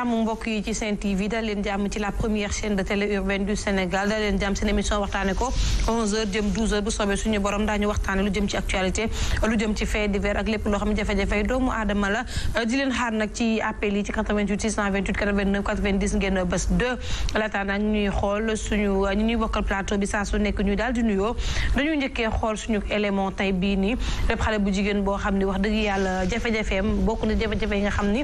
jàmm mbokk yi ci Sen TV dal jàmm ci la première chaîne de télé urbaine du Sénégal dal leen jàmm seen émission ko 11h jëm bu soobee suñu borom daañu waxtaane lu jëm ci actualité lu jëm ci fait divers ak lépp loo xam ne jafe-jafe doomu aadama la di leen xaar nag ci appel yi ci 88 628 89 90 ngeen nag ñuy xool suñu ñuy bokkal plateau bi saa su nekk ñu daal di nuyoo dañuy njëkkee xool suñu élément tey bii nii lépp xale ni wax dëgg yàlla jafe-jafeem bokk na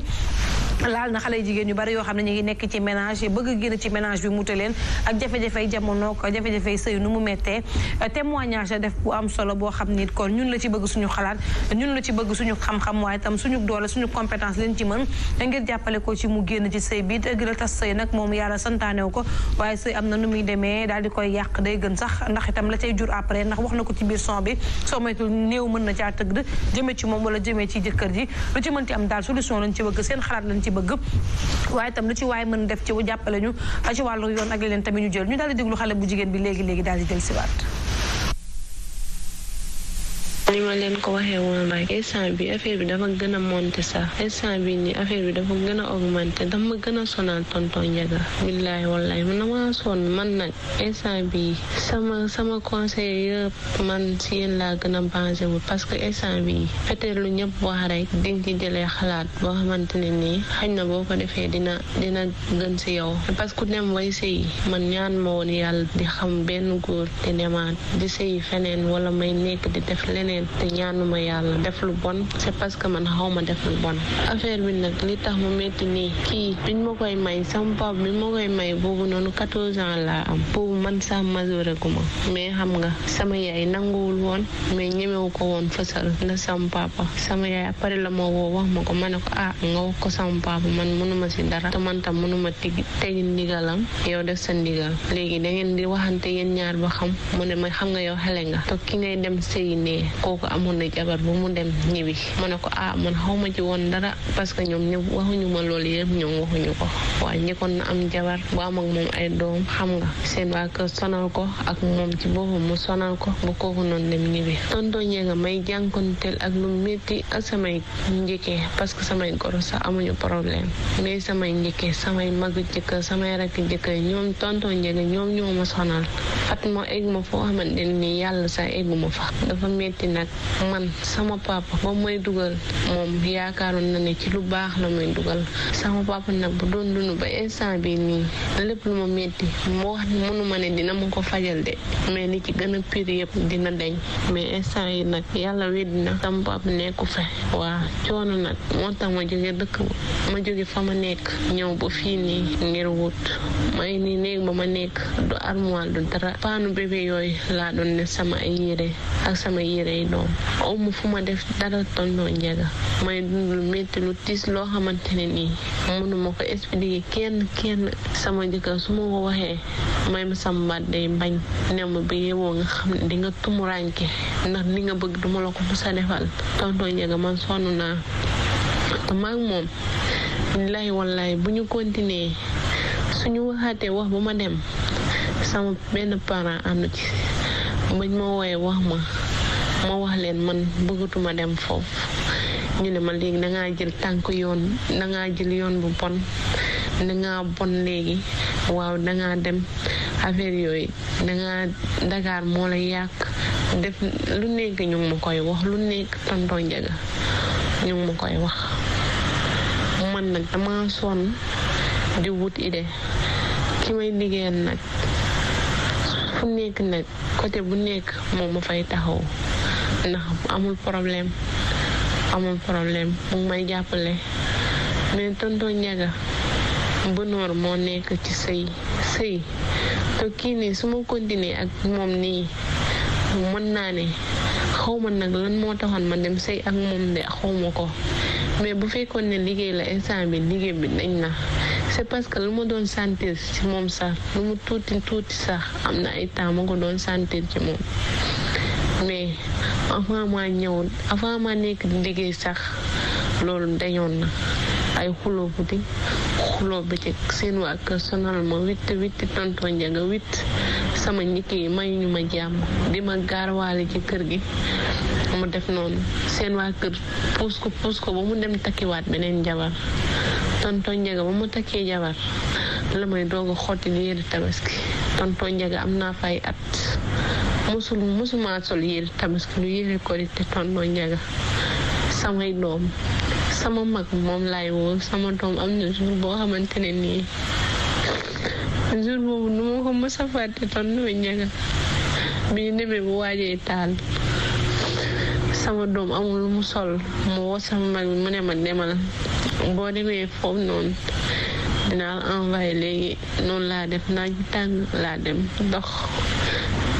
laal na xale jigéen ñu bari yoo xam ne ñu ngi nekk ci ménage bëgg génn ci ménage bi muta leen ak jafe-jafey jamono ko jafe-jafey sëy nu mu mettee témoignage la def bu am solo boo xam nit kon ñun la ci bëgg suñu xalaat ñun la ci bëgg suñu xam-xam waaye itam suñu doole suñu compétence leen ci mën ngir jàppale ko ci mu génn ci sëy bi dëgg la tas sëy nag moom yàlla santaanew ko waaye sëy am na nu muy demee daal di koy yàq day gën sax ndax itam la cay jur après ndax wax na ko ci biir son bi soo maytul néew mën na caa tëgg jëmee ci moom wala jëmee ci jëkkër ji lu ci mën ti am seen xalaat lañ ci bëgg waaye tam lu ci waaye mën def ci jàppale ñu ci wàllu yoon ak leen tamit ñu jël ñu daal di déglu xale bu jigéen bi léegi léegi daal di dellusiwaat ni ma leen ko waxee woon rek instant bi affaire bi dafa gën a monte sax instant bi ni affaire bi dafa gën a augmenter dafa ma gën a sonal tonton Ndiaga billaahi wallaahi man dama sonn man nag instant bi sama sama conseil yëpp man si yéen laa gën a basé wu parce que instant bi peut lu ñëpp wax rek di nga ci jëlee xalaat boo xamante ne nii xañ na boo ko defee dina dina gën si yow parce dem way sëy man ñaan ma woon yàlla di xam benn góor di demaat di sëy feneen wala may nekk di def leneen te ñaanuma yàlla def lu bon c'est parce que man xaw ma def lu bon affaire bi nag li tax mu métti nii kii biñ ma koy may sama papa bi ma koy may boobu noonu 14 ans laa am boobu man sax majoré gu ma mais xam nga sama yaay nanguwul woon mais ñemewu ko woon fësal na sama papa sama yaay la ma wax ma ko ma ne ko ah nga wax ko sama papa man mënuma si dara te man tam mënuma tegi tegi ndigalam yow def sa ndigal léegi da di waxante yéen ñaar ba xam mu ne xam nga yow xale nga te ki ngay dem sëy kooku amoon na jabar bu mu dem ñibbi ma ne ko ah man xaw ma ci woon dara parce que ñoom ñëpp waxuñu ma loolu yëpp ñoom waxuñu ko waaye njëkkoon na am jabar bu am ak ay doom xam nga seen waa kër ko ak moom ci boppam mu sonal ko ba kooku noonu dem ñibbi tonton ñee nga may jànkonteel ak lu métti ak samay njëkkee parce que samay goro sax amuñu problème samay njëkkee samay mag jëkkër samay rakk jëkkër ñoom ñoom ñoo ma sonal Fatma egg ma foo xamante ni yàlla sax eggu fa dafa métti nag nag man sama papa ba may dugal moom yaakaaroon na ne ci lu baax la may dugal sama papa nag bu doon dund ba instant bi nii lépp lu ma metti moo wax ne mënuma ne dina ma ko fajal de mais li ci gën a pire dina deñ mais instant yi nag yàlla weddi na sama papa nekku fe waa coono nag moo tax ma jóge dëkk ma jóge fa ma nekk ñëw ba fii nii ngir wut may nii néeg ba ma nekk du armoire du dara paanu bébé yooyu laa doon ne sama ay yére ak sama yére yi samay doom aw ma fu ma def dara tonton Ndiaga may dund lu lu tiis loo xamante ne nii mënuma kenn kenn sama jëkkër su ma waxee may ma sambaat mbañ ne nga tumuraanke ndax li nga bëgg duma la ko musa defal tonton Ndiaga man sonn naa te moom billahi bu ñu continuer suñu waxaatee wax ba ma dem sama benn parent am na ci bañ ma wooye wax ma ma wax leen man bëggatuma dem foofu ñu ne ma léegi dangaa jël tànk yoon dangaa jël yoon bu bon dangaa bon léegi waaw dangaa dem affaire yooyu dangaa Dakar moo la yàq def lu nekk ñu ma koy wax lu nekk tonton Njaga ñu ma koy wax man nag dama sonn di wut idée ki may liggéeyal nag fu nekk nag côté bu nekk moom ma fay taxaw ndax amul problème amul problème mu may jàppale mais tonton Ndiaga bonheur moo nekk ci sëy sëy te kii nii su ma continuer ak moom nii mën naa ne xaw ma nag lan moo taxoon ma dem sëy ak moom de xaw ma ko mais bu fekkoon ne liggéey la instant bi liggéey bi dañ na c'est parce que lu ma doon sentir ci moom sax lu mu tuuti tuuti sax am na ay temps ko doon sentir ci moom mais avant maa ñëw nekk di liggéey sax loolu dañoon na ay xuloo guddi xuloo bëccëg seen waa kër sonal ma witt witt tonton Njaga witt sama njëkk yi may ñu ma jàmm di ma gaarwaale ci kër gi mu def noonu seen waa kër puus ko puus ko ba mu dem takkiwaat beneen jabar tonton Njaga ba mu takkee jabar la may doogu a xotti di yére tabaski tonton Njaga am naa fay at musul musuma sol yére tabaski lu yére korite tonton Ndiaga samay doom sama mag moom laay woo sama doom am boo xamante ne nii jour boobu nu bu waajee doom amul mu sol mu woo sama mag mu ne ma demal boo demee foofu noonu dinaa envoyé léegi noonu laa def naaj tàng laa dem dox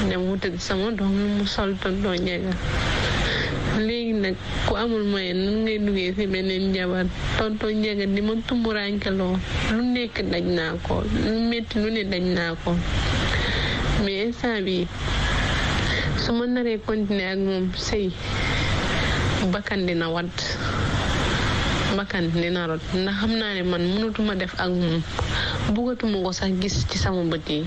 mu wutal sama dox lu mu sol tontoo njagal léegi nag ku amul moyen nan ngay duggee ci beneen jabar tontoo njagal di ma tumburankeloo lu nekk daj naa ko lu metti lu ne daj naa ko mais instant bi su ma naree continuer ak moom sëy bakkan dina wat bakkan dina rot ndax xam naa ne man mënatuma def ak moom bëggatuma ko sax gis ci sama bët yi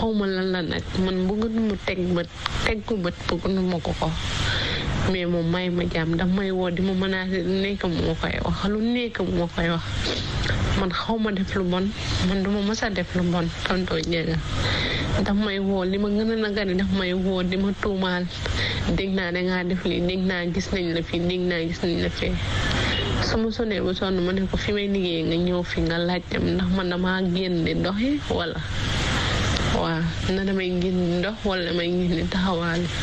xawma lan la nag man bëggunu mu teg bët teg ko bët bëggunu ma ko ko mais moom may ma jàmm ndax may woo di ma mën lu nekk mu ma koy wax lu nekk koy wax man xawma def lu bon man duma mës a def lu bon tontoo njëga daf may woo li ma gën a nagari daf may woo di ma tuumaal dégg naa dangaa def lii dégg naa gis nañ la fii dégg naa gis nañ la fee su ma sonee bu sonn ma ne ko fi may liggéey nga ñëw fii nga laajte ndax man damaa génn di doxi wala waaw na damay gis ndox wala may gis ni taxawaale